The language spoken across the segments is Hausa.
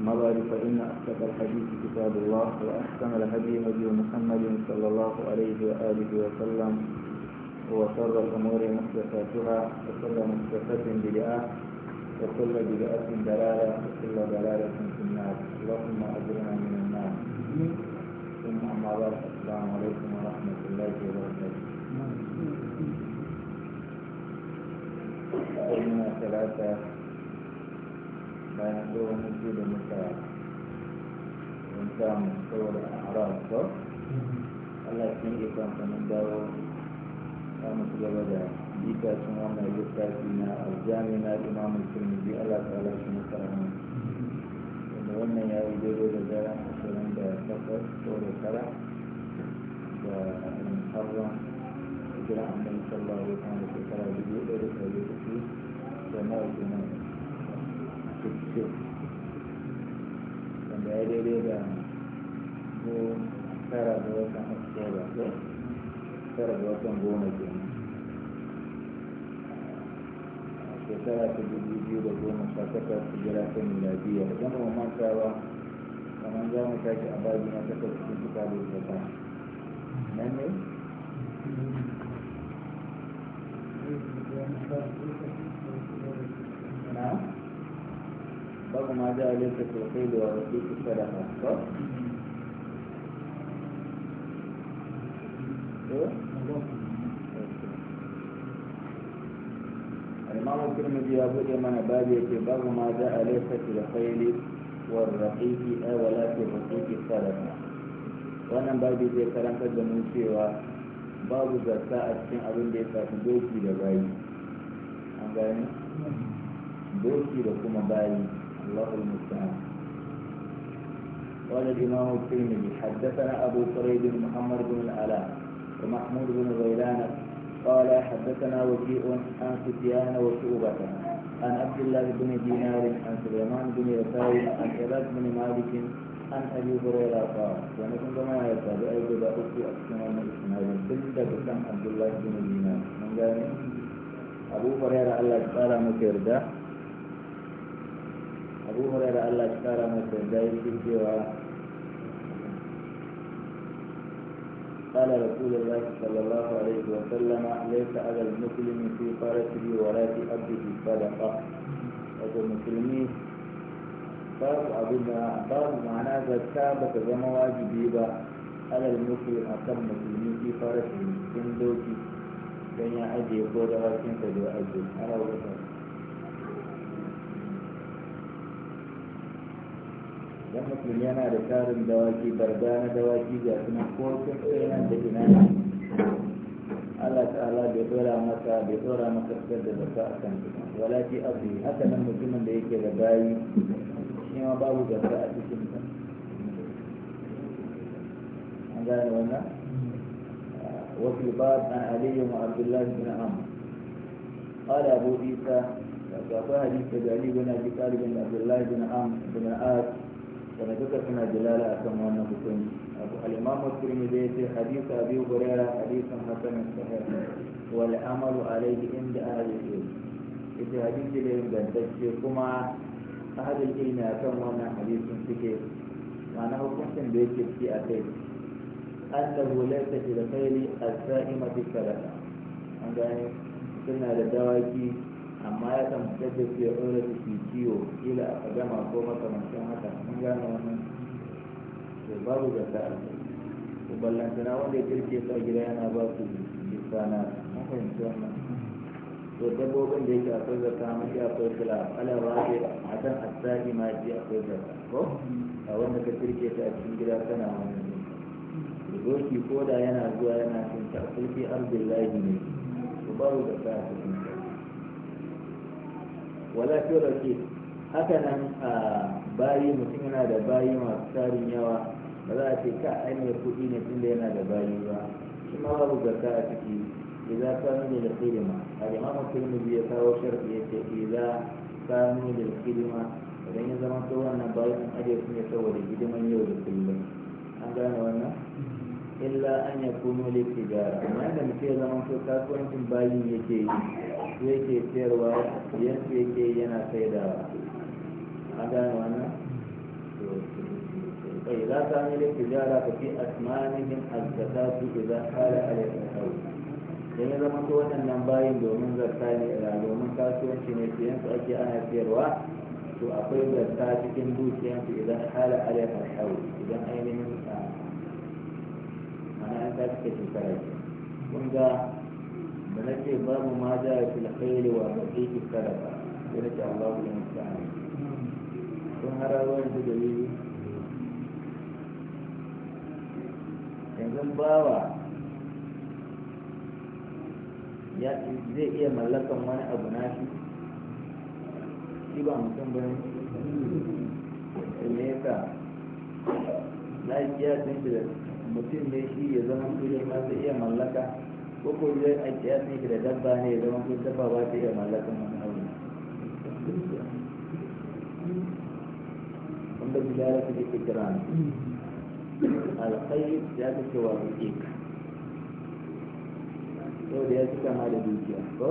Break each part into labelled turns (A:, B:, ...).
A: النظر فإن أحسن الحديث كتاب الله وأحسن الهدي هدي محمد صلى الله عليه وآله وسلم وشر الأمور محدثاتها وكل محدثة بدعة وكل بدعة دلالة وكل دلالة في النار اللهم أجرنا من النار ثم أما بعد السلام عليكم ورحمة الله وبركاته يومنا ثلاثة bayan tsohon su da muka mun samu saboda an haram ko Allah sun yi kamfanin dawo za mu ci gaba da bita sun wannan littafi na aljami na imamu turmizi Allah ta ala shi makarama wanda wannan ya yi daidai da daren ashirin da takwas ko da tara da alhamdulillah jiran annabi sallallahu alaihi wa sallam da shekara dubu ɗaya da ɗari da na nawa kenan wanda ya daidai da ko tara da watan oktoba ko tara da watan goma ke shekara ta dubu biyu da goma sha takwas ta jira ta miladiya idan ba mantawa kamar za mu tashi a babi na takwas cikin suka da zaka nan ne na babu ma ja alaika sosai da wasu kusa da الإمام babu يقول من باب باب ما جاء ليس في الخيل والرقيق ولا في الرقيق صدقة wannan babu zai karanta da mu cewa babu zarta a cikin abin da ya shafi doki da bayi doki da kuma bayi الله المستعان قال الإمام الترمذي حدثنا أبو فريد بن محمد بن العلاء ومحمود بن غيلان قال حدثنا وكيء عن سفيان وشعوبة عن عبد الله بن دينار عن سليمان بن يسار عن عباد بن مالك عن أبي هريرة قال ونحن كما يسار أيضا بأخت أكثر من بسم عبد الله بن دينار من قال أبو هريرة الله تعالى مكرده abu da allah ya kara masa da cewa قال رسول الله صلى الله عليه وسلم ليس على المسلم في فرسه ولا في عبده صدقة wato musulmi ba da babu ma'ana zakka ba ta zama wajibi ba alal musulmi a kan musulmi fi fara cikin doki don ya ajiye ko da da ajiye idan musulmi yana da tarin dawaki barba na dawaki ga suna ko sun da ina ne Allah ta'ala bai dora masa bai dora masa fitar da zaka a kan su wala abu haka nan mutumin da yake da bayi shi ma babu zaka a cikin sa an gane wannan wasu ba an aliyu ma abdullahi bin amr قال أبو عيسى فقال حديث علي بن أبي طالب عبد الله بن عمرو بن العاص kana duka suna jilala akan wannan hukunci abu al-imam at-tirmidhi yace hadith abi hurairah hadithan hasan sahih wal amalu alayhi inda ahli al-ilm yace hadisi da ingantacce kuma ahli ilmi ilm akan wannan hadisin suke ma'ana hukuncin da yake ci a kai annahu da fil khayli as-sa'imati sadaqa an gane suna da dawaki amma ya san fitar da ke ya ɗora su fi kiwo kila a kadama ko makamancin haka mun gane wannan da babu da ta to ballantana wanda ya kirke sa gida yana ba su bisana mun fahimci wannan to dabbobin da yake akwai zaka mashi akwai kula alaba a kan asali ma ji akwai zaka ko a wanda ka kirke ta a cikin gida kana wannan da doki ko da yana zuwa yana cin ta kulki arzillahi ne to babu da ta a cikin wala fi rake haka nan bayi mutum yana da bayi masu tarin yawa ba za a ce ka ai kuɗi ne tun da yana da bayi ba shi ma babu zakka a ciki idan nuna da khidma al-imam tirmidhi ya kawo sharhi ce idan kanu da khidma idan ya zama to wannan bayan ajiye su ne saboda hidiman yau da kullum an gane wannan illa an yakunu litijara amma da mutum ya zama to kasuwancin bayin yake yi yake sayarwa yanzu yake yana sai da an gane wannan فإذا كان التجارة ففي أثمانهم الزكاة إذا حال عليه الحول dan ya zama waɗannan bayin domin zarta ne a domin kasuwanci ne siyan yanzu ake ana siyarwa to akwai zarta cikin dukiyansu idan hala alaihar haul idan ainihin sa mana an ta cika shekara kun ga da nake babu ma da fil khairi wa haqiqi talaba da nake Allahu ya sun kun wa yanzu da yi yanzu bawa ya zai iya mallakan wani abu na shi shi ba mutum ba ne me yasa lafiya sun shi da mutum ne shi ya zama su ya iya mallaka ko ko zai a da dabba ne ya zama kun dabba ba ta iya mallakan aure wanda bidara su ke kira alkhair ya ta cewa ruƙiƙ sau da ya fi kama da dukiya ko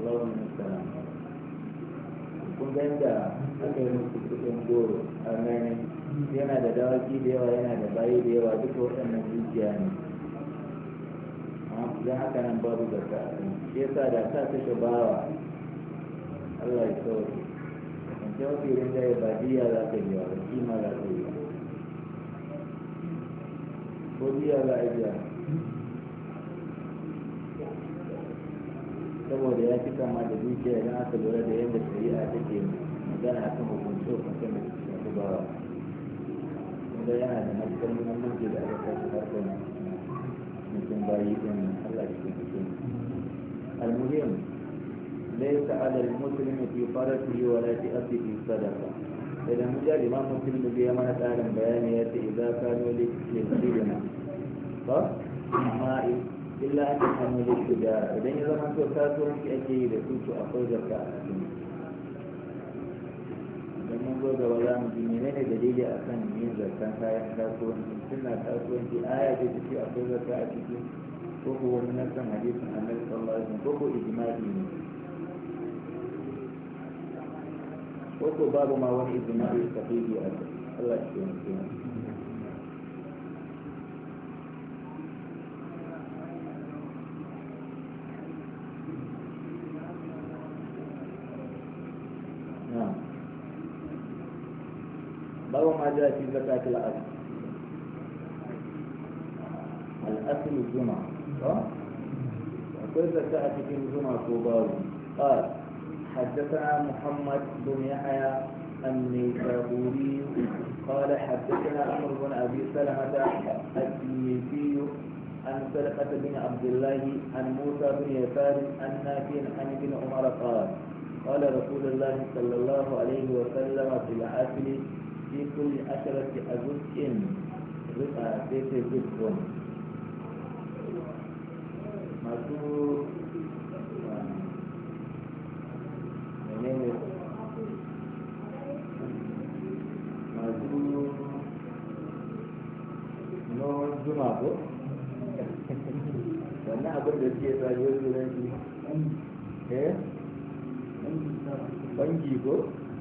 A: Allahumma sallallahu kun ganda aka yi musu kudin goro a gani yana da dawaki da yawa yana da bayi da yawa duka waɗannan dukiya ne don haka nan babu zarta a kan shi yasa da sa ta shabawa Allah ya sauri. in ta wasu irin da ya ba diya za ta biya ba kima za ta biya ko diya za a biya saboda ya fi kama da dukiya idan aka lura da yadda shari'a take magana kan hukunce hukunce mai shafi bawa wanda yana da matuƙar muhimmanci da aka kashe harkar mutum bayi ɗin Allah shi ke cikin المهم ليس على المسلم في فرسه ولا في أصله صدقة إذا مجال ما مسلم بها ما تعلم بيانيات إذا كانوا للسلمة صح؟ illa an ta samu da shiga idan ya zama to kasuwanci ake yi da su to akwai a cikin idan mun zo gaba za mu ji menene dalili a kan yin zakkan kayan kasuwanci suna kasuwanci aya ce ta ce akwai a ciki ko ko wani nassan hadisin annabi sallallahu alaihi wasallam ko ko ijma'i ne ko ko babu ma wani ijma'i sahihi a Allah shi ne الأجر في زكاة الأصل الأصل الجمعة كل زكاة في الجمعة وباو قال حدثنا محمد بن يحيى النيسابوري قال حدثنا عمرو بن أبي سلمة التلميذي عن سلقة بن عبد الله عن موسى بن يسار عن نافع عن ابن عمر قال قال رسول الله صلى الله عليه وسلم في العسل في كل عشرة أجزء رقع بيت جزء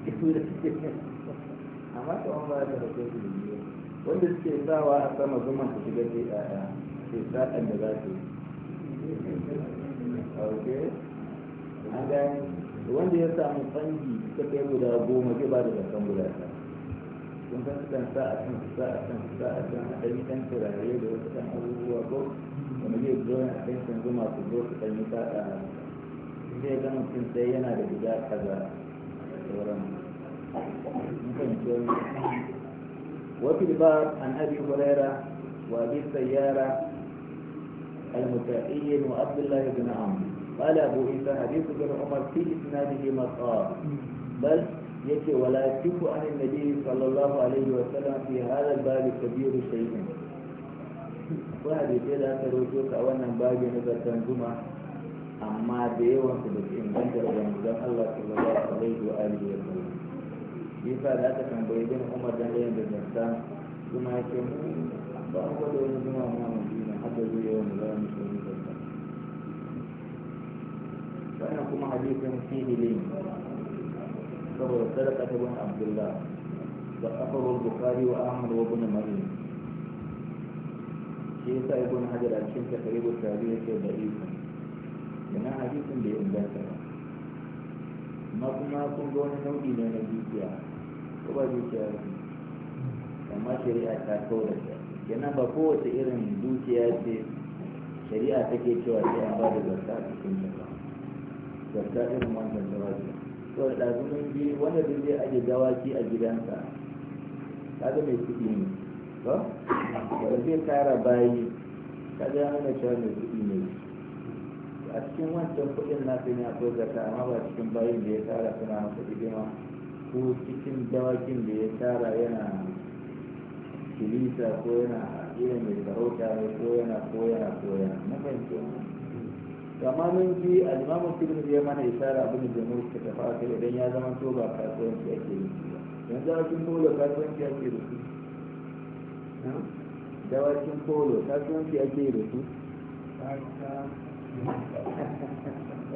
A: Thank you. amma wani ba ta da kai wanda suke sawa a sama zuma su shiga a ya ce sa'an da za su yi an gani wanda ya samu tsangi ta kai guda goma zai ba da zakan guda ta sun san sukan sa a su sa a su sa a kan a ɗan ɗan turare da wasu kan abubuwa ko wani zai zo a kan can zuma su zo su ɗan yi sa'a zai ga mutum sai yana da guda kaza sauran وفي الباب عن أبي هريرة وأبي السيارة المتائي وعبد الله بن عمرو قال أبو عيسى حديث بن عمر في إسناده مقال بل يكي ولا يكف عن النبي صلى الله عليه وسلم في هذا الباب كبير شيء وهذه لا تروجوك أولا باب نزل جمعة أما بيوم سبت إن الله صلى الله عليه وآله وسلم shi yasa da aka tambaye jin umar dan yayin da zakka kuma ya ce mu ba ko da wani zuma mun yi na hada da zuwa yawan da mu ne mu ta wannan kuma hadisin fihi lin saboda sadaka ta bin abdullah da afarul bukhari wa ahmad wa ibn maryam shi yasa ibn hajar a cikin takaribul tabi'i yake da iko yana hadisin bai inganta ba amma kuma kun ga wani nau'i na dukiya ko ba dukiya amma shari'a ta kawo da ta ba kowace irin dukiya ce shari'a take cewa sai an ba da zarta a cikin ta ba zarta irin wancan dawaki to da ɗazumin ji wanda duk zai aje dawaki a gidansa kaga mai kuɗi ne ba wanda zai tara bayi kaga ya nuna cewa mai kuɗi ne a cikin wancan kuɗin na ne akwai zaka amma ba cikin bayin da ya tara suna masa hidima ko cikin dawakin da ya tara yana kilisa ko yana iya mai sarauta ne ko yana ko yana ko yana na fahimci kama mun ji alimamin filin ya mana isara abin da mu suka tafi a kai idan ya zama to ba kasuwanci ake yi yanzu dawakin polo kasuwanci ake da su dawakin polo kasuwanci ake da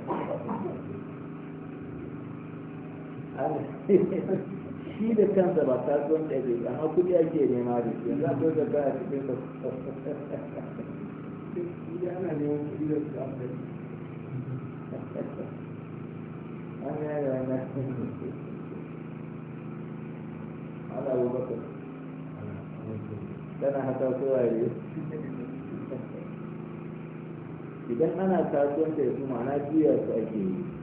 A: su shi da kansa ba kasuwan ɗaya ba amma kuɗi ake nema da shi yanzu ko da kaya cikin da ana neman kuɗi da su amfani an
B: yaya wannan
A: idan ana kasuwan da su ma'ana juya su ake yi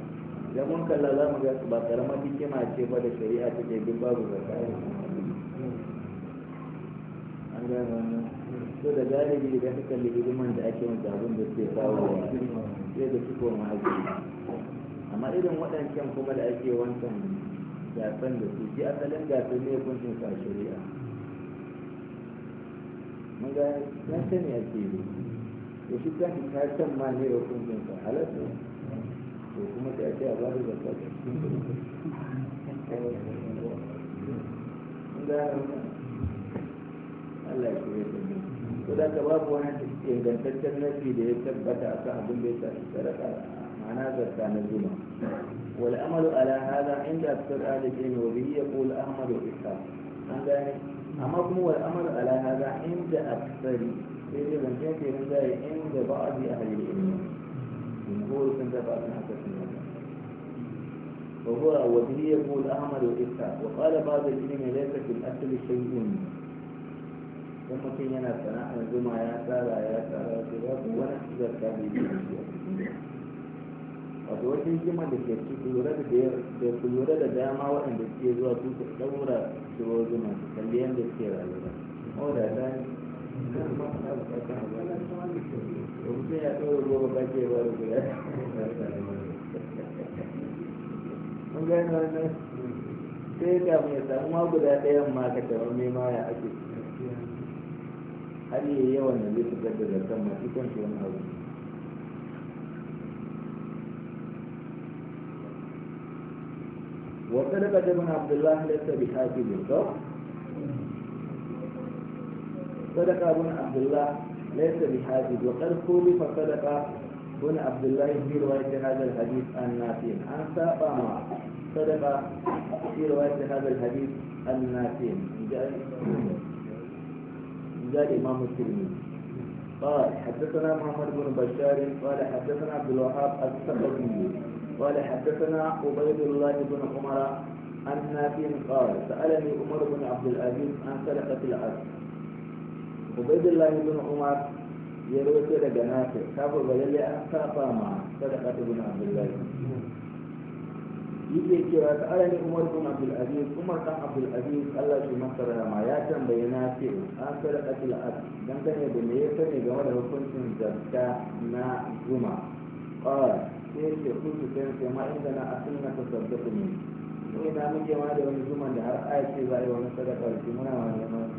A: idan mun kalla za mu ga ba karamar hikima ce ba da shari'a take duk babu zakka an gane wannan to da galibi da ka kalli hidiman da ake wanda abin da suke kawo sai da su koma haji amma irin waɗancan kuma da ake wancan gasan da su ji asalin gasar ne kuncin sa shari'a mun ga ya sani ake yi da shi kan ka san ma ne da kuncin sa halatta to kuma sai a ce a bada zakka Allah ya shirya da mu to da ka babu wani ingantaccen nafi da ya tabbata a kan abin da ya tafi sadaka ma'ana zakka na zuma والأمل على هذا عند أكثر أهل العلم وبه يقول أحمد وإسحاق عن ذلك أما هو الأمل على هذا عند أكثر يجب أن يكون عند بعض أهل العلم جمهور كنت بعض حسن وهو وبه يقول أعمل وإسحاق وقال بعض العلم ليس في الأصل شيء ثم كان ينا صنع الجمعة يا سارة يا سارة ونحن ذكر wato wata hikima da ke ci lura da da ku lura da dama waɗanda suke zuwa su ku ɗaura shiro zuma su kalli yadda suke rayuwa o da ta ne ba ku ya ɗaura ruwa ba ke ba ruwa ya kun gane wannan sai ka mai samu guda ɗayan ma ka taɓa mai ma ya ake har yi yawan da zai fitar da zartan masu kan shi wani abu وصدق ابن عبد الله ليس بحاكم الكفر صدق ابن عبد الله ليس بحاجز وقد خولف صدق بن عبد الله في رواية هذا الحديث أن نافين عن ساقامة صدق في رواية هذا الحديث أن نافين جاء الإمام الترمذي قال حدثنا محمد بن بشار قال حدثنا عبد الوهاب الثقفي قال حدثنا عبيد الله بن عمر عن نافع قال سألني عمر بن عبد العزيز عن سرقة العبد عبيد الله بن عمر ya rawaito daga nafi kafin ba lalle an saba ma sadaka ta guna abdullahi yake cewa ta alani umar bin abdul aziz umar dan abdul aziz Allah shi masa rahama ya tambaye nafi an sadaka ta al'ad dangane da me ya sani game da hukuncin zakka na zuma qala sai ce kuntu sai sai ma inda na asalna ta sadaka ne mu ina muke ma da wani zuma da har aya ce za a yi wani sadaka da muna ma neman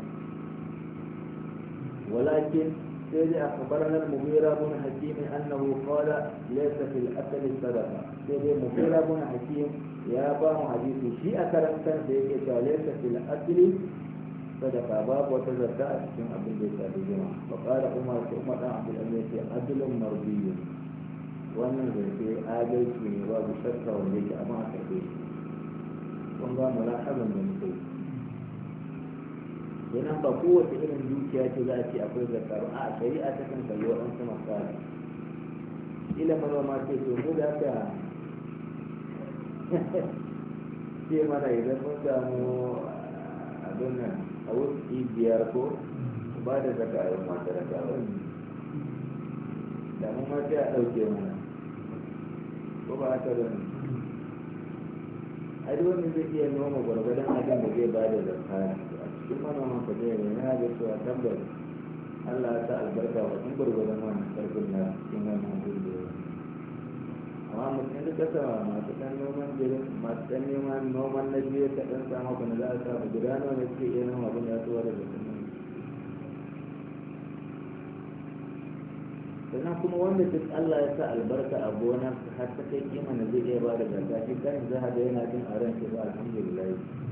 A: walakin الثاني أخبرنا المغيرة بن حكيم أنه قال ليس في الأكل الصدقة سيدي المغيرة بن حكيم يا بام حديثي شيء أكرم كان سيد ليس في الأكل صدقة باب وتزكى من عبد الله الجماعة فقال عمر أمة عبد الأمير عدل مرضي وأنا في آجل في نواب الشرطة وليك أما أكرم وأنا ملاحظا من سيد nan ba kowace irin dukiya ce za a ce akwai zakaru a shari'a ta kan kalli waɗansu masali ila ma ce to mu da aka ce mana idan mun samu ah, abin nan a wuski biyar ko ba da zakaru. a yin masu raka da mun ma a ɗauke mana ko ba ta da a duk wani zai iya noma gwargwadon abin da zai ba da duk manoman ka zai yana ga cewa tabbas Allah ya sa albarka wa ɗan gwargwadon wannan karfin na cikin wannan gudu da yawa amma mutum da kasa masu ɗan noman jirin masu ɗan neman noman na biyu ka ɗan samu ku na za a samu gida nawa ne suke iya noma abin ya tuwa da nan sannan kuma wanda duk Allah ya sa albarka a gona har ta kai kima na zai iya ba da gasa shi kan za a ga yana jin a ran shi ba alhamdulillah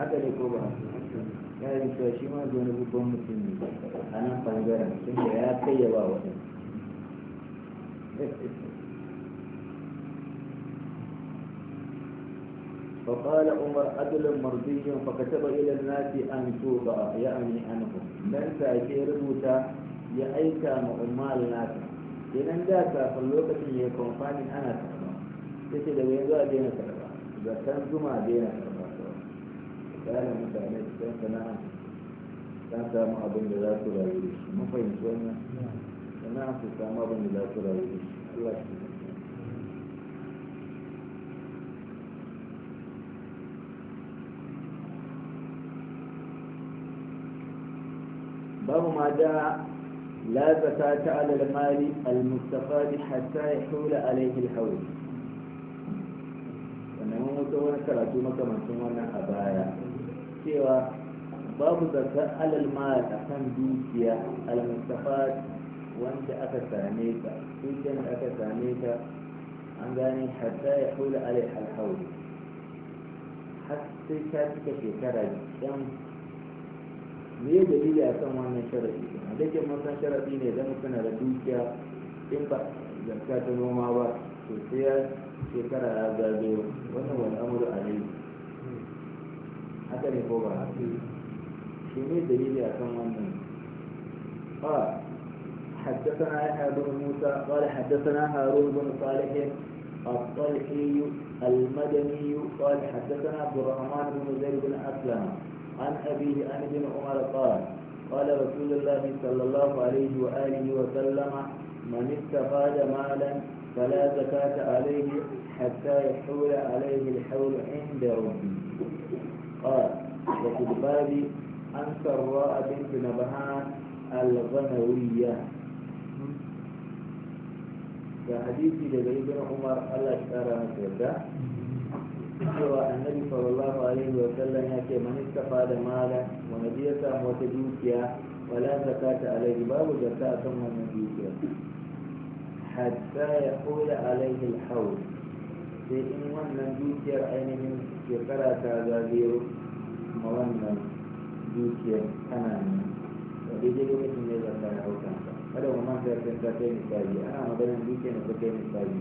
A: فقال عمر عدل مرضي فكتب الى الناس ان توضع يعني انهم لن تاتي ربوتا يا ايتا مؤمال الناس إذا جاءت في الوقت اللي يكون فاني انا تقرا. إذا جاءت دينا تقرا. إذا كان جمعة دينا تقرا. tsarin mutane su san sana'a san samu abin da za su rayu da shi mun fahimci wannan sana'a su samu abin da za su rayu da shi Allah shi باب ما جاء لا زكاة على المال المستفاد حتى يحول عليه الحول sannan mun wuce wani karatu makamancin wannan a baya cewa babu zakar alal mal a kan dukiya al-mustafat wanda aka same ta dukiyar da aka same ta an gane hatta ya hula alai alhauli har sai ta cika shekara yan me ya dalili a kan wannan sharaɗi a dake masan sharaɗi ne zama suna da dukiya in ba zakka ta noma ba to sai shekara ya zagayo wannan wani amuru alaihi haka ne ko ba haka shi ne dalili a kan wannan قال حدثنا يحيى بن موسى قال حدثنا هارون بن صالح الطلحي المدني قال حدثنا عبد الرحمن بن زيد بن اسلم عن ابيه عن ابن عمر قال قال رسول الله صلى الله عليه واله وسلم من استفاد مالا فلا زكاة عليه حتى يحول عليه الحول عند ربه قال وفي الباب أنت الراء بنت نبهان الغنوية فحديث جبريل بن عمر ألا اشترى مسجدة أشترى النبي صلى الله عليه وسلم يأتي من استفاد مالا ونبيته وتجوكيا ولا زكاة عليه باب زكاة ثم نبيكيا حتى يقول عليه الحول sai in wannan dukiyar ainihin shekara ta zagayo ma wannan dukiyar tana ne a daidai lokacin ne zaka ya hau kanka kada mu manta sai ta kai misali ana maganar dukiyar da ta kai misali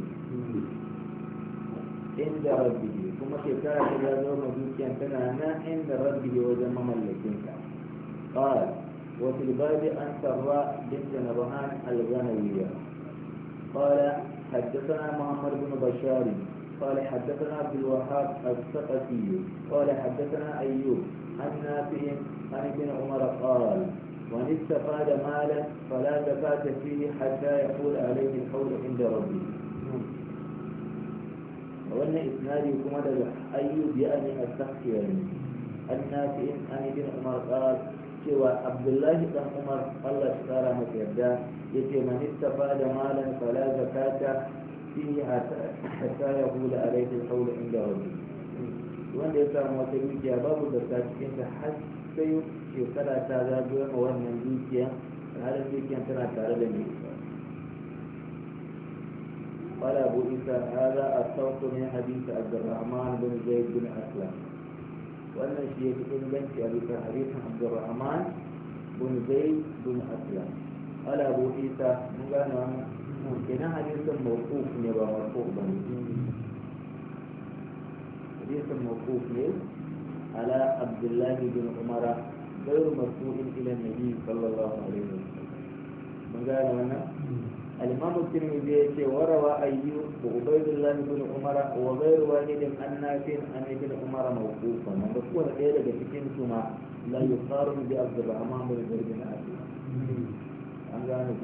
A: inda rabbi kuma shekara ta zagayo ma dukiyar tana nan inda rabbi wajen mamallakinka قال وفي الباب عن سراء بنت نبهان الغنوية قال حدثنا محمد بن بشار قال حدثنا عبد الوهاب الثقفي قال حدثنا أيوب عن نافع عن ابن عمر قال ومن استفاد مالا فلا زكاة فيه حتى يقول عليه القول عند ربه وأن إسنادي كما أيوب يعني السخي النافع عن ابن عمر قال cewa abdullahi dan umar allah shi kara masa yarda ya ce man istafa da malan fala zakata فيه حتى يقول عليه القول عند ربه wanda ya samu wata dukiya babu da ta cikin ta har sai shekara ta zagayo ma wannan dukiya قال أبو عيسى هذا الصوت من حديث عبد الرحمن بن زيد بن أسلم وأن الشيخ بن بنت أبي حديث عبد الرحمن بن زيد بن أسلم قال أبو عيسى من Kina hadisan mabuƙ ne ba wako ba ya jin jini? Hadisan mabuƙ ne ala Abdullahi bin Umar, Zayru Martudin, Ilayin, Aliyu, Sallallahu alaihi wa ta'a. Mun gano wannan? Alimamulkin Ruge wa ayyuka ko bai bin Umar? Wani bai ruwa ne ne an nace bin Umar a mabuƙ ba? Wanda kowanne ɗaya daga cikinsu ma? Zayu karu bi abu da na ذلك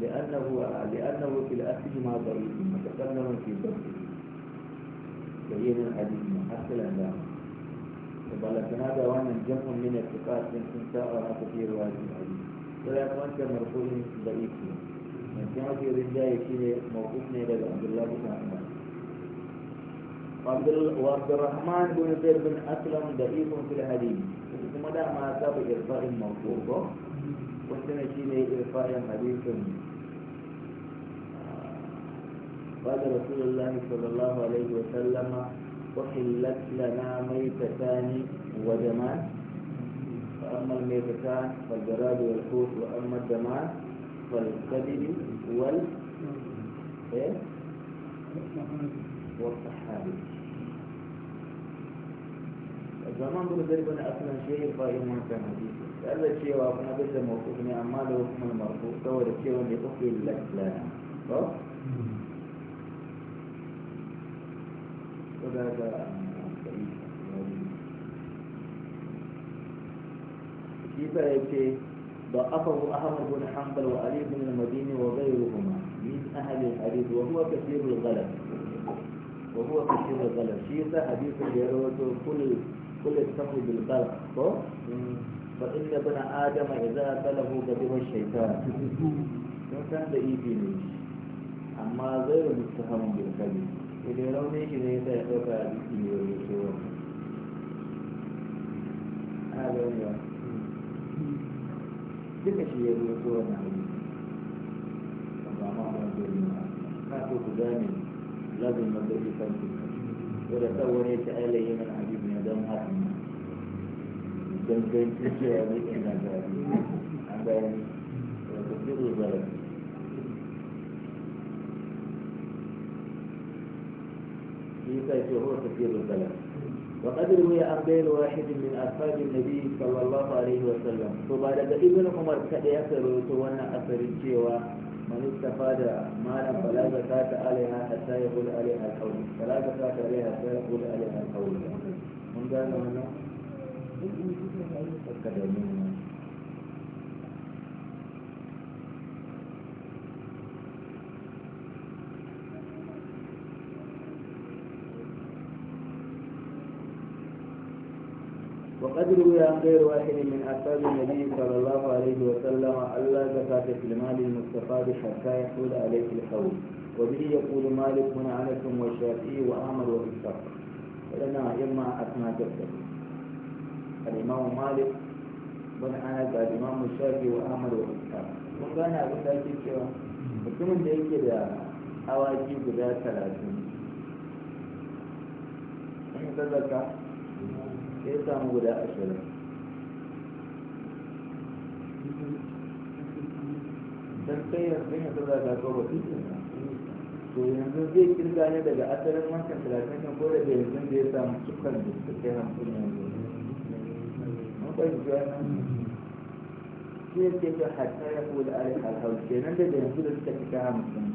A: لأنه لأنه في الأصل ما ضعيف متكلم في ضعفه بين الحديث محصل عندهم فبلغ هذا وانا جمع من الثقات من كنت أرى كثير واجب الحديث ولا كنت مرفوع ضعيف من كما في الرجال كذا موقوف نيل عبد الله بن عمر وعبد الرحمن بن زيد بن أسلم ضعيف في الحديث ثم دع ما سبق إرفاع الموقوف وسنة قال رسول الله صلى الله عليه وسلم وحلت لنا ميتتان ودمان فأما الميتتان فالجراد والحوت وأما الدمان فالكبد وال إيه؟ والصحابي زمان بن زيد بن أسلم شيء قائم كان حديث قال له شيء وأنا بس موقوف من أعمال وحكم المرفوع فهو الشيء اللي أخي لك لا وذاك كيف يأتي ضعفه أحمد بن حنبل وعلي بن المديني وغيرهما من أهل الحديث وهو كثير الغلط وهو كثير الغلط شيء حديث يروته كل كل التقوى بالغلط فإن ابن آدم إذا أكله كبير الشيطان وكان بإيدي ليش أما غير متهم بالكذب إذا لم يجد إذا يتوقع بإيدي ويسوع هذا هو كيف شيء يسوع نعلم أما ما هو الدنيا كاتو تداني لازم ندري كم تداني ورثوا ليس آلهي من عجيب من دمهاتنا dangane da cewa ne ina gari an bayan wata ya an bayar wa nabi sallallahu daga ibn umar kada ya karo wannan asarin cewa manistafa da وقد روي عن غير واحد من اصحاب النبي صلى الله عليه وسلم الا زكاة في المال المستفاد حتى يحول عليه الحول وبه يقول مالك بن انس والشافعي وآمر واسحاق ولنا يما اسماء جدته الإمام مالك بن أنس الإمام الشافعي وأحمد وإسحاق وكان أبو ذاك الشيخ مثل من ذلك يا أواجي بلا ثلاثين من تذكر كيف بلا أشهر تنقية من تذكر كيف to ان zai kirga ne daga asalin wancan talatin kan kore da yanzu zai samu cikin da suke hankali yanzu الجنة كيف كيف حتى يقول عليك ya kenan da yanzu da suka fita mutum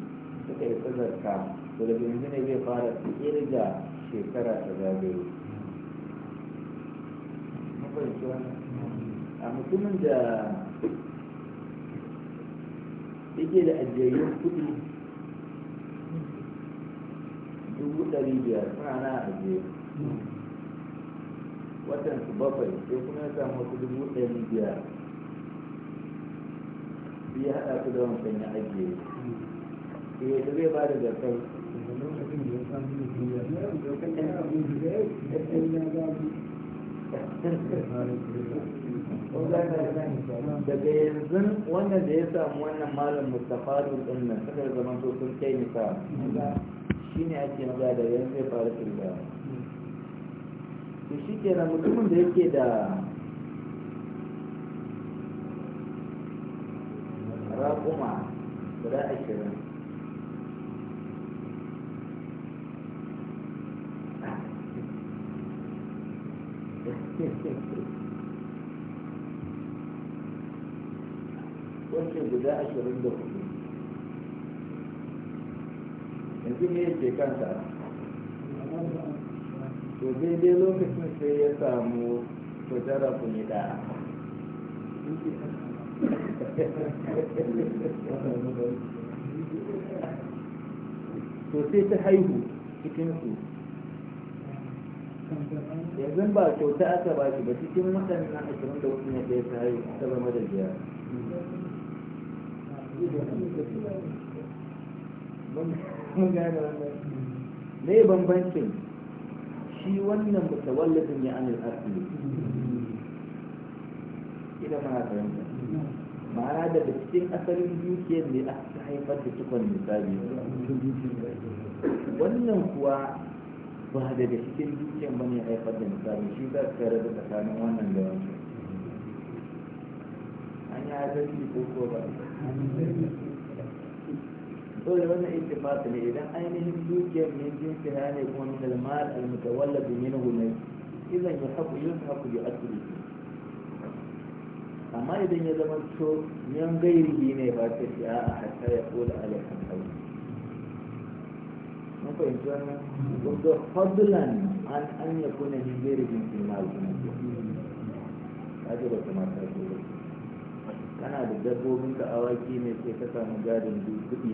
A: suka yi tsazarka to daga yanzu ne zai fara su kirga shekara ta zagayo a mutumin da yake da ajiyayyar kuɗi dubu ɗari biyar suna na ajiye watan su bakwai sai kuma ya samu wasu dubu ɗari biyar su ya haɗa su da wancan ya ajiye sai eh, ya zai ba da zarfai daga yanzu wannan da ya samu wannan malam mustapha dutsen nan suka zama so sun kai nisa shi ne ake maza da yanzu ya fara shirgawa to shi kenan mutumin da yake da raƙuma guda ashirin wacce guda ashirin da hudu yanzu ne yake kansa to daidai lokacin sai ya samu fitara yi da to sai ta haihu cikinsu yanzu ba ta aka ba shi ba cikin waɗannan ashirin da wasu ne ɗaya ta haihu ta zama da biyar mun gane wannan ne bambancin shi wannan mutawallafin ya anil ne ila ma fahimta ma'ana da cikin asalin dukiyar ne aka haifar da cikon misali wannan kuwa ba daga cikin dukiyar ba ne haifar da misali shi za ka rabu tsakanin wannan da wancan an yi haifar ko ko ba saboda wannan ittifaq ne idan ainihin dukiyar min jinsi na ne kuma min al-mal al-mutawalla bi ne idan ya haku yin haku bi asli amma idan ya zama to yan gairi ne ba ta shi a hatta ya kula alaikan hawa mun fahimci wannan wanda fadlan an an ya kuna min gairihi fi mal kaje da kuma ta kana da dabbobin ka awaki ne sai ka samu gadin kuɗi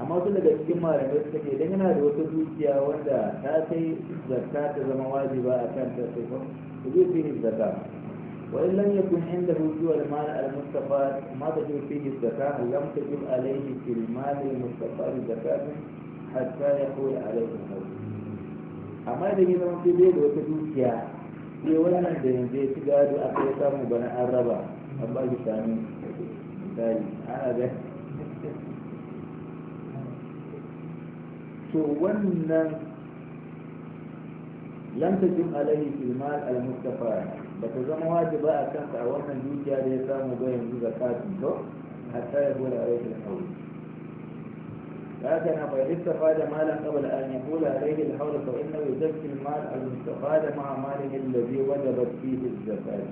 A: amma wasu daga cikin malamai suka ce idan yana da wata dukiya wanda ta kai zakka ta zama wajiba a kan ta sai ko zai fi zakka wa in lam yakun inda juwal mal al mustafa ma ta ju fi zakka lam ta ju alaihi fil mal al mustafa zakatun hatta yaqul alayhi amma idan ya zama sai da wata dukiya sai wannan da yanzu ya ci gado a kai samu bana an raba an ba shi sami misali ana to wannan lan ta jin alaihi filmal al-mustafa ba ta zama wajiba a kansa a wannan dukiya da ya samu ba yanzu zakatun ko hatta ya bude alaihi al-hawl لكن فإن استفاد مالا قبل أن يقول عليه الحول فإنه يزكي المال المستفاد مع ماله الذي وجبت فيه الزكاة.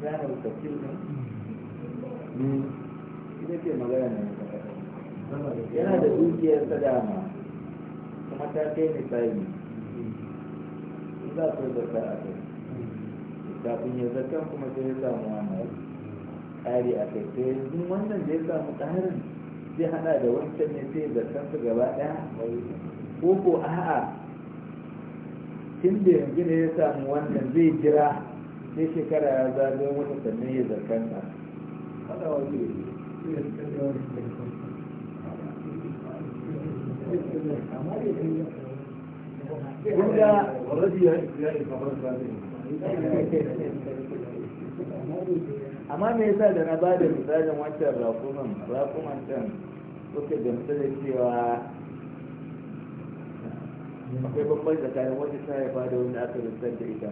A: هذا التفسير إذا كان مغانا yana da dukiyar sadama kuma ta kai misali za ku zarta a kai kafin ya zakan kuma sai ya samu wannan ƙari a kai sai yanzu wannan da ya samu ƙarin zai hada da wancan ne sai zakan su gaba ɗaya ko ko a'a tun da yanzu ne ya samu wannan zai jira sai shekara ya zagaye wata sannan ya zakan ka. wanda already ya yi amma me yasa da na bada misalin wancan rakuman rakuman can suka gamsu da cewa akwai babban tsakanin wacce ta haifa da wanda aka rusar da ita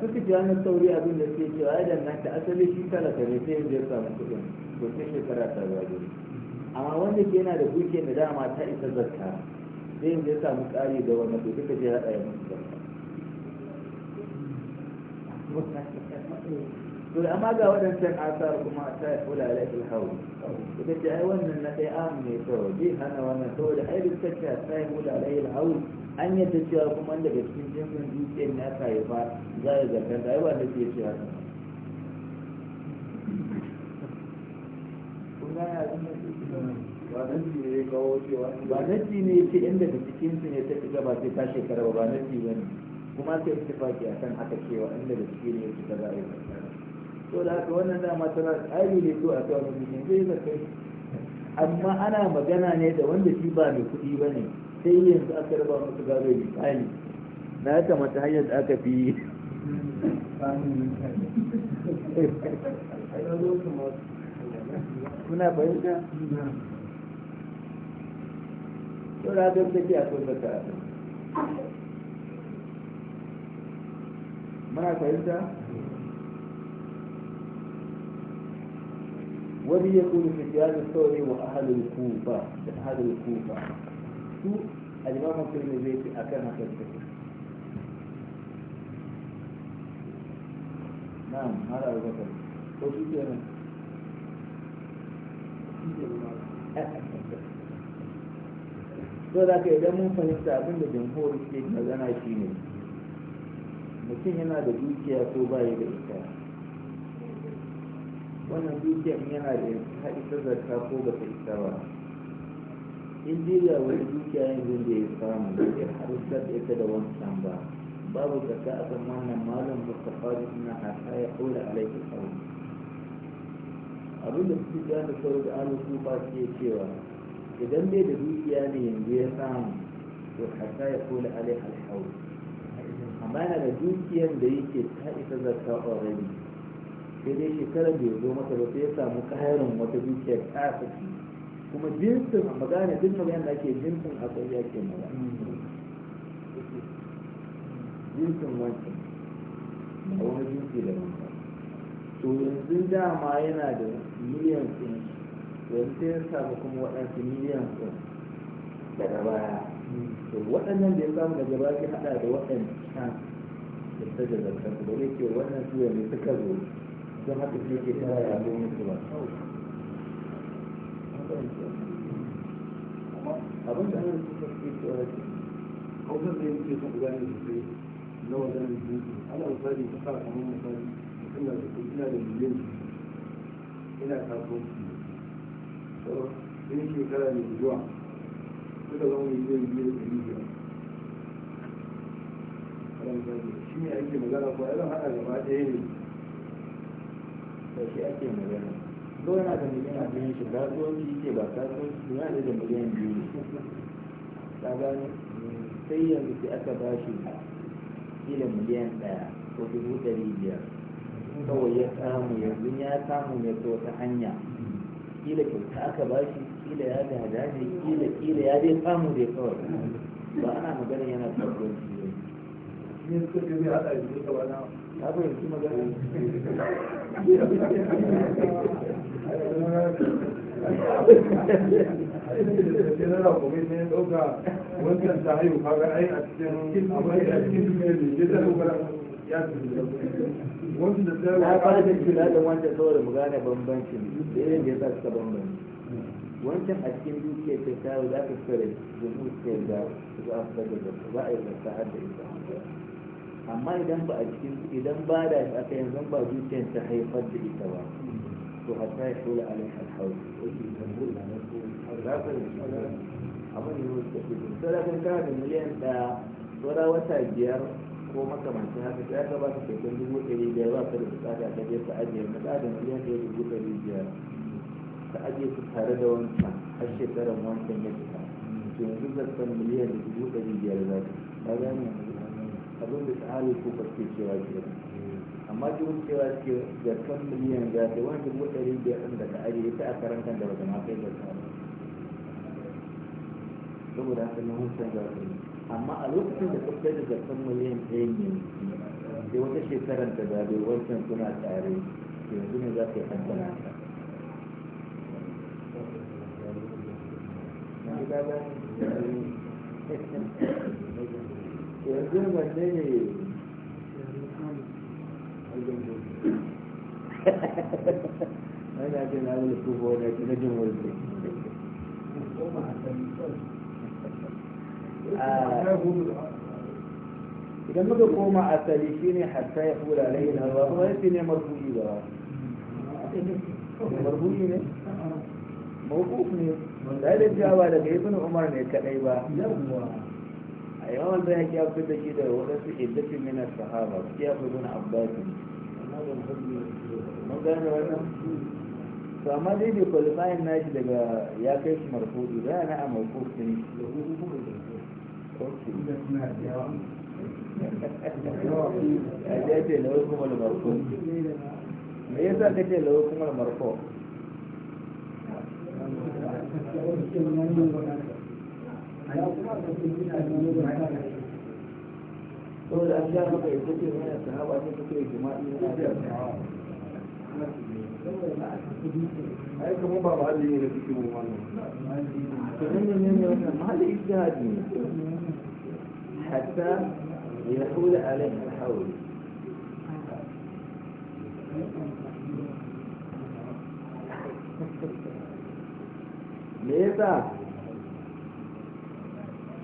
A: suka ji wani sauri abin da suke cewa ya danganta asali shi talaka ne sai yanzu ya samu kuɗin to sai shekara ta zagaye amma wanda ke yana da buke na dama ta isa zakka zai ya samu tsari da wannan to duka je hada ya musu zakka to amma ga waɗancan asar kuma ta kula da ilal hawl ita ce ai wannan na ɗaya am ne to bi hana wannan saboda ai duk kace ta kula da ilal hawl an yadda cewa kuma daga cikin jinsin dukiyar na ta yi ba za ya zartar da ai ba da ke cewa ba nasi ne ce inda da cikin su ne ta fi ba sai ta shekara ba ba nasi ba ne kuma sai ittifaki a kan haka cewa inda da cikin ne fita za a yi so da haka wannan dama tana tsari ne to a kawo mutum zai zaka amma ana magana ne da wanda shi ba mai kuɗi ba ne sai yanzu aka raba musu gado tsari na ya kamata hanyar da aka fi هنا بيلقى تو رادر سے کیا کوئی بتا رہا ہے منا کہتا وبي يكون في جهاز الثوري واهل الكوفه في اهل الكوفه تو الامام الترمذي في اكان هكذا نعم هذا هو كذا تو شو so za ka idan mun fahimta abin da jamhuri ke magana shi ne mutum yana da dukiya ko bayi da ita wannan dukiyan yana da ta zarka ko ba ta isa ba in jiya wani dukiya yanzu da ya samu da ya da ita da wancan ba babu zaka a tsammanin wannan malam mustafa da suna hata ya ƙaura alaikin aure abin da suke ya da sauri da ana su ba ke cewa idan bai da dukiya ne yanzu ya samu to hatta ya kula alai alhawu amma yana da dukiyan da yake ta isa zarta ƙwararri sai dai shekarar da ya zo masa ba sai ya samu ƙarin wata dukiya ta saki kuma jinsin a magana duk magana da ake jinsin a kwai ya ke magana jinsin wancan a wani jinsi da wancan to yanzu dama yana da miliyan ɗin yanzu sai ya samu kuma waɗansu miliyan ɗin daga baya to waɗannan da ya samu daga baya sai haɗa da waɗancan da ta da zartar da zai ce wannan su yanzu suka zo don haka shi ke tara ya zo musu ba abin da ana suka fi cewa ce hausar da yake son gane sosai na wajen rubutu ana misali ta fara kamar misali mutum na da kuɗi na da miliyan ina ne. to sai shekara ne zuwa suka zama mai zai biyu da ɗari biyar shi ne ake magana ko ɗan haɗa gaba ɗaya ne da shi ake magana zo yana da miliyan biyu shi kasuwanci ke ba ya ne da miliyan biyu ta ne sai yanzu sai aka ba shi kila miliyan ɗaya ko dubu ɗari biyar kawai ya samu yanzu ya samu ya ta wata hanya kila kyauta aka ba shi kila ya gada ne kila kila ya dai samu dai kawai ba ana magana yana karɓar shi ne ne suka zai shi ka na magana da
B: ya na fara da kilanin
A: wancan saboda mu gane bambancin da irin da ya sa suka bambanci wancan a cikin dukiya ta kawo za ka fere domin ka da za su daga da za a yi zata har da ita amma idan ba a cikin idan ba da shi aka yanzu ba dukiyar ta haifar da ita ba to hatta ya shula alaihi alhawu abin da ya wuce da miliyan ɗaya saura wata biyar ko makamancin haka ta yaka ba ta kyautar dubu ɗari biyar ba su da bukata ta je ta ajiye na da miliyan ɗaya dubu ɗari biyar ta ajiye su tare da wancan har shekarar wancan ya fita to yanzu zartar miliyan da dubu ɗari biyar za ta ba za mu abin da tsari ko ke cewa ke amma dubu cewa ke zartar miliyan za ta wani dubu ɗari biyar ɗin da ka ajiye ta a karantar da ba ta ma kai zartar saboda haka na hunsan zartar amma a lokacin da ka fitar da zarfin miliyan ɗaya ne sai wata shekarar da zabe wancan suna tare yanzu ne za ka yi hankala ta yanzu wanne ne wani na jin na wani kubo na jin wani idan muka koma asali shine hatta ya hula alayhi alhawa kuma yace ne marfu'i ba marfu'i ne mawquf ne da da jawa daga ibnu umar ne kadai ba a yawan da yake abu da shi da wadansu iddati min as-sahaba ya fi ibn abbas mun gane wannan to amma dai bai na nashi daga ya kai shi marfu'i ba na a mawquf ne ya me yasa ka ce kuma da marko saboda an sha maka ya ce mana sahaba ne suke jima'i na ai kuma ba mahalli ne na cikin wannan mahalli ijtihadi ne hatta يحول عليه الحول me yasa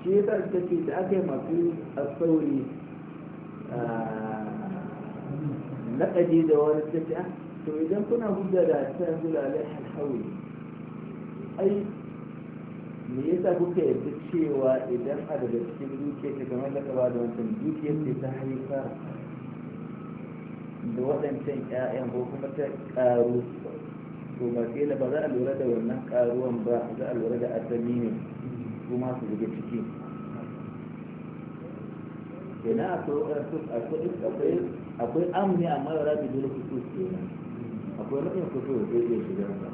A: shi yasa ta ce da aka yi masu tsauri na ƙaji da wani ta ce to idan kuna hujja da hadisan zula alaihi hawi ai me yasa kuka yarda cewa idan a daga cikin dukiyar ta kamar da kaba da wancan dukiyar ce ta haifa da waɗancan 'ya'yan ko kuma ta ƙaru to ba kila ba za a lura da wannan ƙaruwan ba za a lura da asali ne kuma su daga ciki kenan akwai amni amma ya rabi dole kusur kenan akwai rufin kuto zai iya shigar sa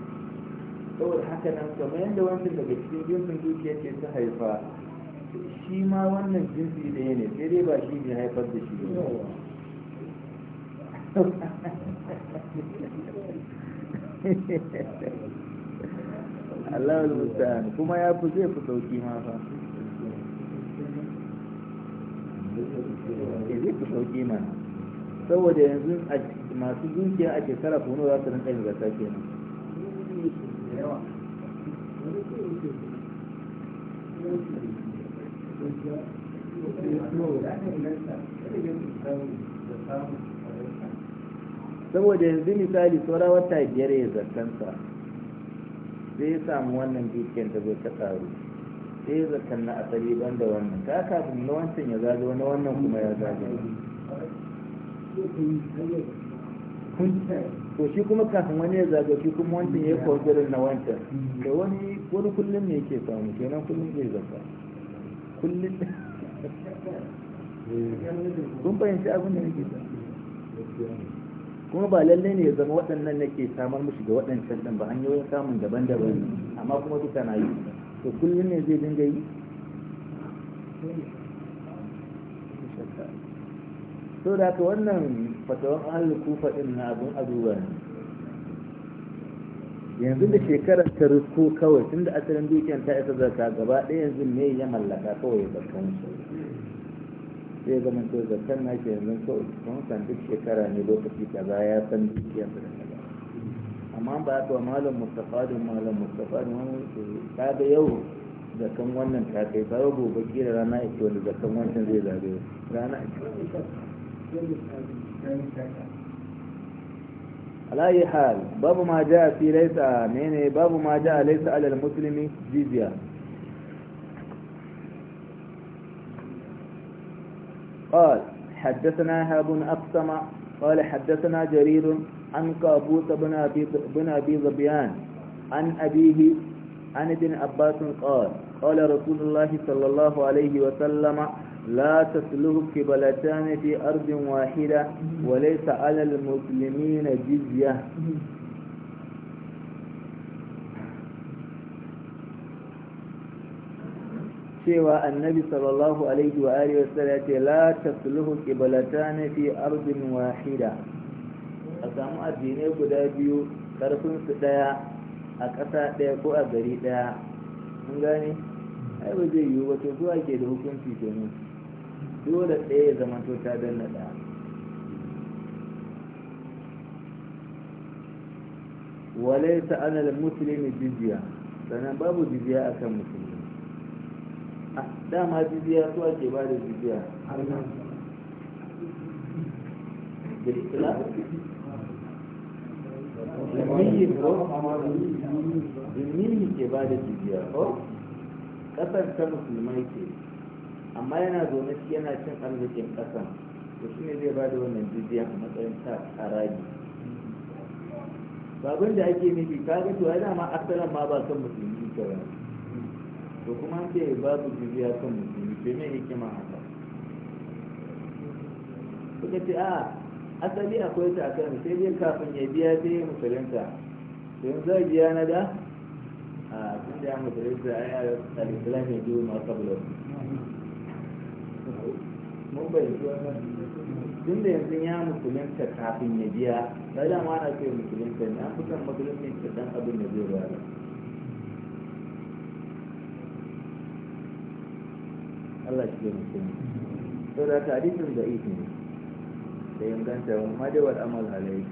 A: saboda haka nan kamar yadda wancan daga cikin jinsin dukiya ce ta haifa shi ma wannan jinsi da ya ne sai dai ba shi ne haifar da shi ne Allah al kuma ya fi zai fi sauki ma fa eh, zai fi sauki mana saboda yanzu masu dukiya a shekara kuno za su rinka yin zaka kenan saboda yanzu misali saura wata biyar ya zartansa sai ya samu wannan dukiyar da zai ta tsaro, sai ya zartan na asali ban da wannan ta kafin na wancan ya zaje na wannan kuma ya zaje. to shi kuma kafin wani ya zaga shi kuma wancan ya kwangirin na wancan da wani wani kullum ne yake samu kenan kullum zai zaka kullum kun fahimci abin da nake kuma ba lalle ne ya zama waɗannan nake samar musu ga waɗancan ɗin ba hanyoyin samun daban-daban amma kuma duka na yi to kullum ne zai dinga yi so da ka wannan fatawan ahalin kufa din na abin aduba ne yanzu da shekarar ta rusko kawai tun da asalin dukiyar ta isa zarta gaba ɗaya yanzu ne ya mallaka kawai zarkan su sai zama mun zarkan na ke yanzu kawai kuma san duk shekara ne lokaci kaza ya san dukiyar ta kaza amma ba ka malam mustafa da malam mustafa da wani ta eh, da yau zakan wannan ta kai ba gobe kira rana ita wani zakan wancan zai zabe rana ita على أي حال باب ما جاء في ليس يعني باب ما جاء ليس على المسلم جزية قال حدثنا هاب أقسم قال حدثنا جرير عن كابوس بن أبي بن أبي ظبيان عن أبيه عن ابن عباس قال قال رسول الله صلى الله عليه وسلم لا تسلوه قبلتان في أرض واحدة وليس على المسلمين جزية cewa annabi sallallahu alaihi wa alihi wa sallam ce la tasluhu qiblatan fi ardin wahida a samu addinai guda biyu karfin ɗaya daya a ƙasa daya ko a gari daya mun gane ai zai yiwu ba to zuwa ke da hukunci kenan dole ɗaya ya zama to ta danna ɗaya walai ta alal musulmi jizya sannan babu jizya a kan musulmi ah, dama jizya su ake ba da jizya Zimmiyi ke ba da jizya Ƙasar ta musulmai ke amma yana zaune shi yana cin arzikin ƙasa to shi ne zai ba da wannan jirgin a matsayin ta haraji babin da ake nufi ka ga to yana dama asalan ma ba kan musulmi ka ba to kuma an ce babu jizya kan musulmi to me ma haka suka ce a asali akwai ta kan sai dai kafin ya biya sai musulunta to yanzu zai biya na da a sun da ya musulunta a yi alislam ya biyu masu mun bayyanci wannan tun da yanzu ya musulunta kafin ya biya da dama ana ce musulunta ne an kusan musulunta dan abin da zai bayar Allah shi ya musulunta to da tarihin da ikin da inganta wa madawar amal alai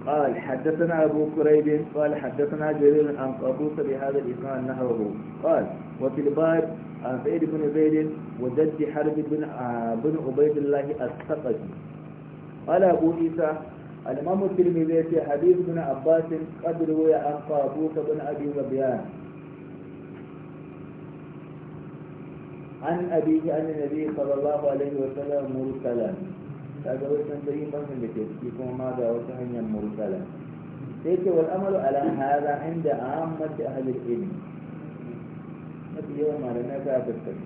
A: قال حدثنا أبو كريب قال حدثنا جرير عن قابوس بهذا الإسناد نحوه قال وفي الباب عن سعيد بن زيد وجد حرب بن آه، بن عبيد الله الثقفي قال أبو عيسى الإمام الترمذي في حديث ابن عباس قد روي عن قابوس بن أبي ربيان عن أبيه عن النبي صلى الله عليه وسلم مرسلا هذا هو التنبيه مثل لتشكيكم ماذا وسهل مرسلا ليس والأمر على هذا عند عامة أهل العلم mafi yawan malamai su fitar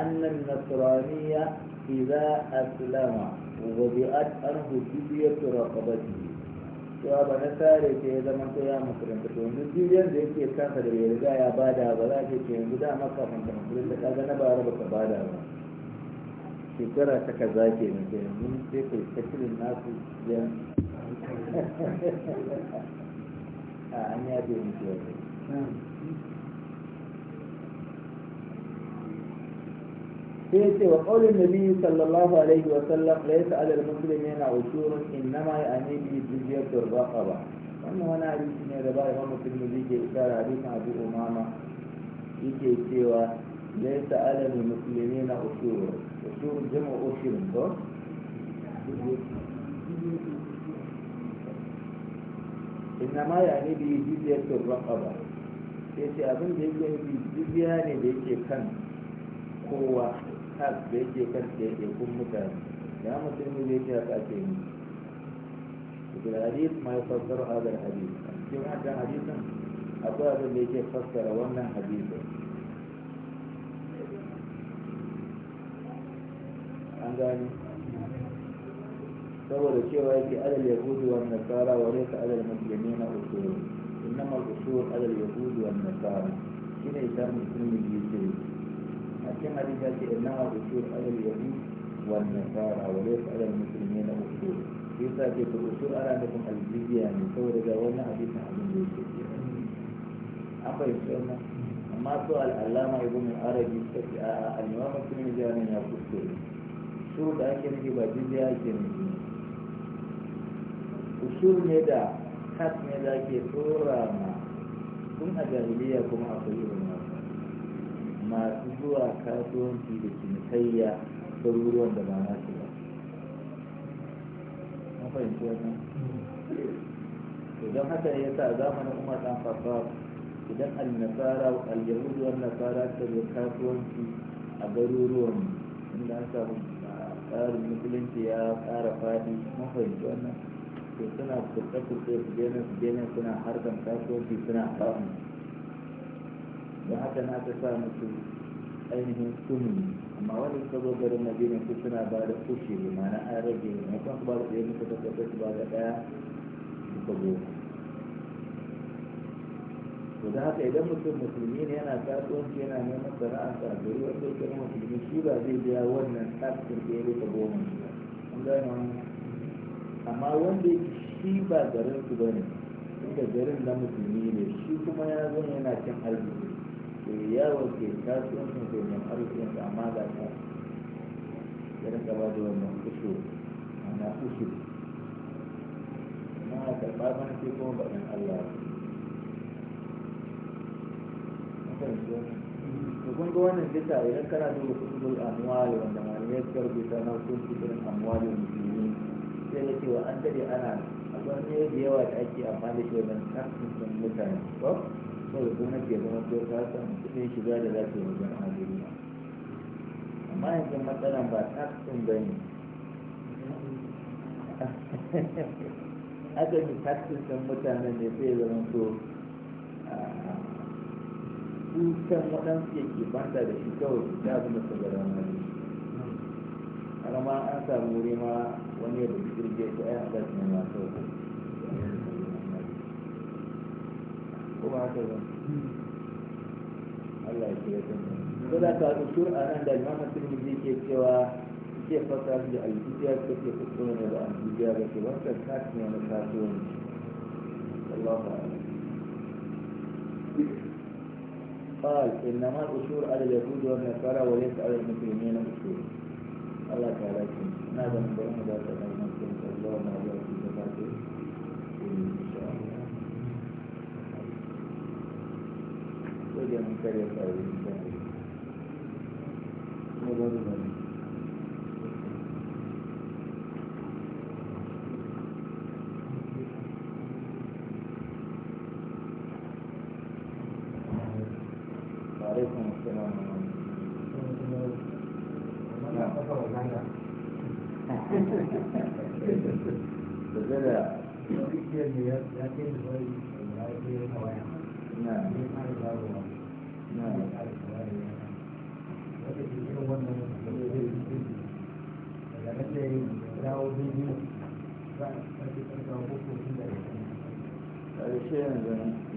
A: annan nasraniya idza aslama wa bi'at anhu fidyatu raqabatihi cewa ba na sare ce ya zama to ya musulunta to yanzu juriyar da yake kansa da bai riga ya bada ba za ka ce yanzu da kafin ka musulunta ka ga na bara ba ka bada ba shekara ta ka zafe na ke yanzu sai kai ta kirin nasu yan a an yafe mutu wata sai ce wa ƙaunin nabi sallallahu alaihi wa sallam ya yasa alal musulmi yana usurun innama ya ani bi jizya turbaqa ba wannan wani hadisi ne da bai mamu zai ke isara hadisin abu umama yake cewa la yasa alal muslimina usurun usurun jama'u usurun ko innama ya biyu bi jizya turbaqa ba sai ce abin da yake bi jizya ne da yake kan kowa haq da yake kan ɗaiɗaikun mutane ya mutum ne yake haka ake yi da hadith ma ya fassara hadar hadith a cikin wannan hadithin akwai abin da yake fassara wannan hadithin an gani saboda cewa yake alal yahudi wa nasara wa laysa alal muslimina usul innama al usul alal yahudi wa nasara shine idan musulmi yake cikin hadisi ya ce innaha usul alal yahud wan nasara wa laysa alal muslimin usul shi yasa ke to usul ana nufin aljibiya ne saboda ga wannan abin da yake ke an fahimci wannan amma to al'allama ibn arabi suka ce a al'imam muslim ya nan ya kuskure su da ake nufi ba jibiya ake nufi usul ne da kas ne da ake tsora ma tun a jahiliya kuma akwai irin masu zuwa kasuwanci da cinikayya garuruwan da ba na su ba idan haka ya sa zamanin umar dan khattab idan al-nasara al-yahud wa nasara ta yi kasuwanci a garuruwan inda an samu tsarin musulunci ya kara fadi mafahimci wannan to suna kurɗe-kurɗe su je su je suna harkar kasuwanci suna samu don haka na ta sa musu ainihin sumuni amma wanda suka zo garin madina su suna ba da kushe ma na arabi ne kan ba da ɗaya muka tabbata su ba da ɗaya muka zo to da haka idan mutum musulmi ne yana kasuwanci yana neman sana'a a gari wanda yake na musulmi shi ba zai biya wannan tsakin da ya rika goma shi ba an gane amma wanda shi ba garin su ba ne inda garin na musulmi ne shi kuma ya zama yana cin arziki ke eh, yawo ke kasuwancin ke mai arzikin da amma ga ta ya rinka ba da wannan kusho ana kusho na karɓa mana ce kuma baɗin Allah to kun ga wannan bisa idan kana duba kutubul amwali wanda malamai suka ta na hukunci irin amwali musulmi sai da cewa an dade ana akwai ne da yawa da ake amma da shi wajen tasirin mutane kawai gona ke zama ka samu kuɗin shiga da za ka yi wajen hajjiriya amma yanzu matsalan ba tax ɗin ba ne aka yi ɗin mutanen ne sai zama to su can waɗansu yake da shi kawai su ta zama su gara wani har ma an samu wuri ma wani ya bugi jirgin ya haɗa ne ma kuma ba haka ba Allah ya kira ta ko da ka ushur a nan da Imam Tirmidhi ke cewa ke fasa da al-bidiya ko ke fasa ne da al-bidiya ba ke wannan ne na kasuwanci Allah ta'ala قال إنما الأشور على اليهود والنصارى وليس على المسلمين أشور الله تعالى هذا من بين ذات الله an karya tsaro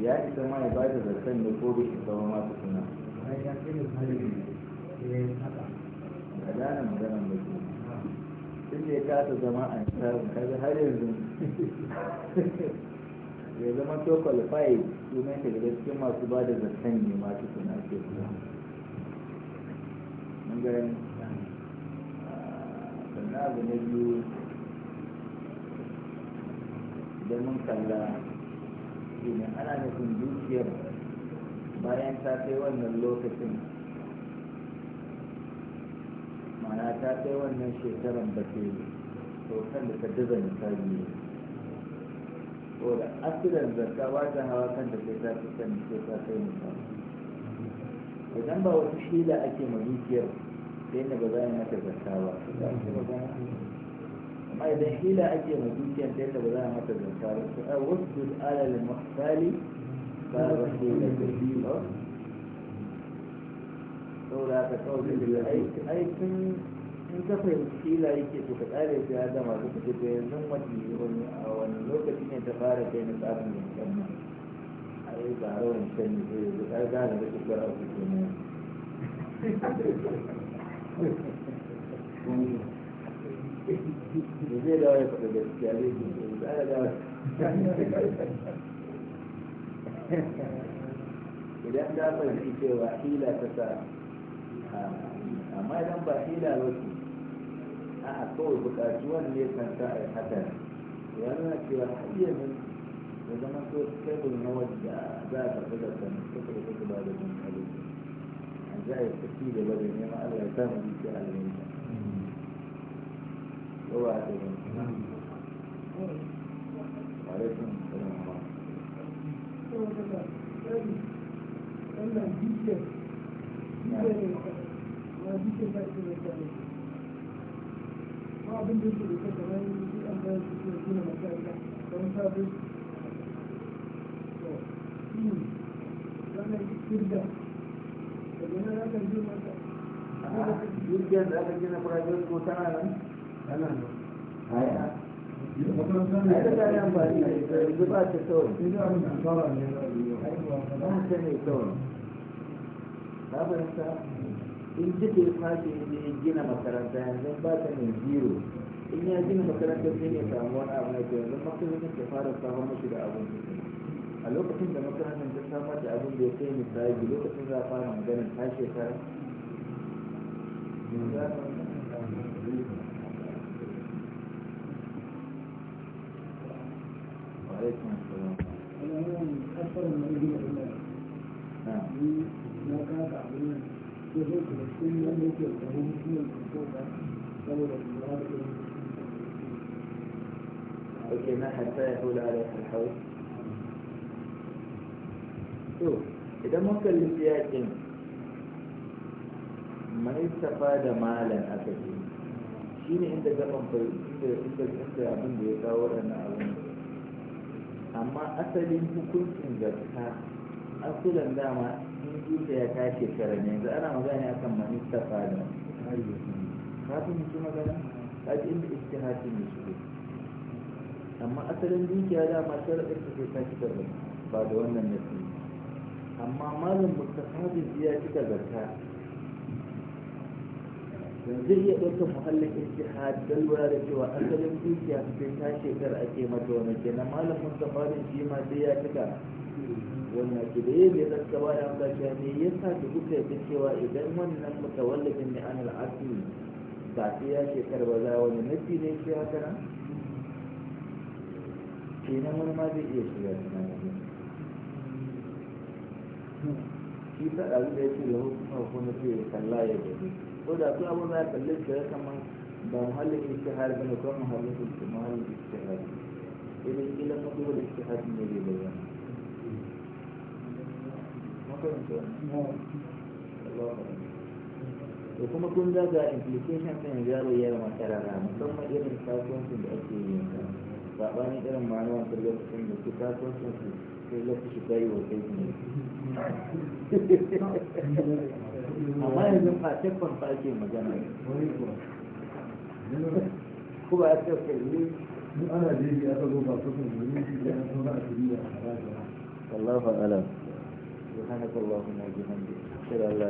A: ya isa ma ya bada zartan da ko bai isa masu suna ga gane maganan da ke tun da ya kasa zama a tsarin kaga har yanzu ya zama to qualified sunan ka daga cikin masu ba da zartan ne masu suna ke kula mun gani ah, sannan abu na biyu idan mun kalla kenan ana nufin dukiyar bayan ta kai wannan lokacin mana ta kai wannan shekaran ba ke to kan da ta diza misali ne ko da asirin zakka ba ta hawa kan da sai ta fi kan sai ta kai misali idan ba wasu shida ake ma zuciyar sai na ba za a yi mata zakka ba أي دحيلة أجي مجيسي أن تيسا بدأنا حتى بنسارة وزد آلة المحفالي فرسول الكبير أو لا تقول لي أي أي كن كن تفهم كيلا أي كي تقول آلة في هذا ما تقول لي في النوم تي ون ون لو كتير تفارة كين تعرف من كم أي بارو إن شاء الله في هذا أنا بتشكر أوكي كم zai dawo ya faɗa gaskiya zai ji ba ya dawo idan da fahimci cewa hila ta sa amma idan ba hila ba su a kawai bukatuwan ne kan sa a yi hakan ya nuna cewa har yanzu da zama so tebul na wadda za a karɓi da kan suka yi suka ba da jin kalu an za a yi tafi da bada neman allah ya samu zuciya a yanzu Jirgin ah, da gina ko tana nan? in ji ke fashe ne gina makaranta yanzu ba ta ne zero in ya gina makaranta sai ya samu wani abu na yanzu makarantar ta fara samun mashi da abin a lokacin da makarantar ta samar da abin da ya kai misali lokacin za a fara maganin ta shekara وكما حتى يحول عليه الحول شوف إذا ممكن لسياج ما استفاد مالا أكثر شيء عند جبن في عند عند عند أبن بيتا وأنا أبن amma asalin hukuncin gaska asulan dama in duka ya tashi karan yanzu ana magana akan manista fada kafin mutum magana kaji inda istihati ne su amma asalin dukiya dama raɗa ta sai tashi karan ba da wannan nasi amma malam mustafadin ya cika gaska. yanzu iya ɗaukar muhallin ijtihad don lura da cewa asalin dukiya sai ta a ake mata wani kenan malamin safarin shi ma sai ya cika wannan ki da yayin da tsawa ya amsa ne ya sa ki kuka yadda cewa idan wannan mutawallafin ne an al'adu ba sai ya shekar ba za wani nafi ne shi haka nan kenan wani ma zai iya shiga tunanin shi ta ɗazu da ya ce da hukumar kuma ce kalla ya gani ko da akwai abin da ya kalle shi ya kama ba muhallin istihar ba ne kuma muhallin muhallin istihar idan ilan mutuwa da istihar ne zai bayyana makaranta to kuma kun ga ga implication ɗin yaro yana makarara musamman irin kasuwancin da ake yi saɓanin irin malaman lokacin da su kasuwancin su sai lokaci wa kai amma yanzu ba ba ake magana ko ba ta ana yi aka zo ba tafan wani shi ya a turi Allahu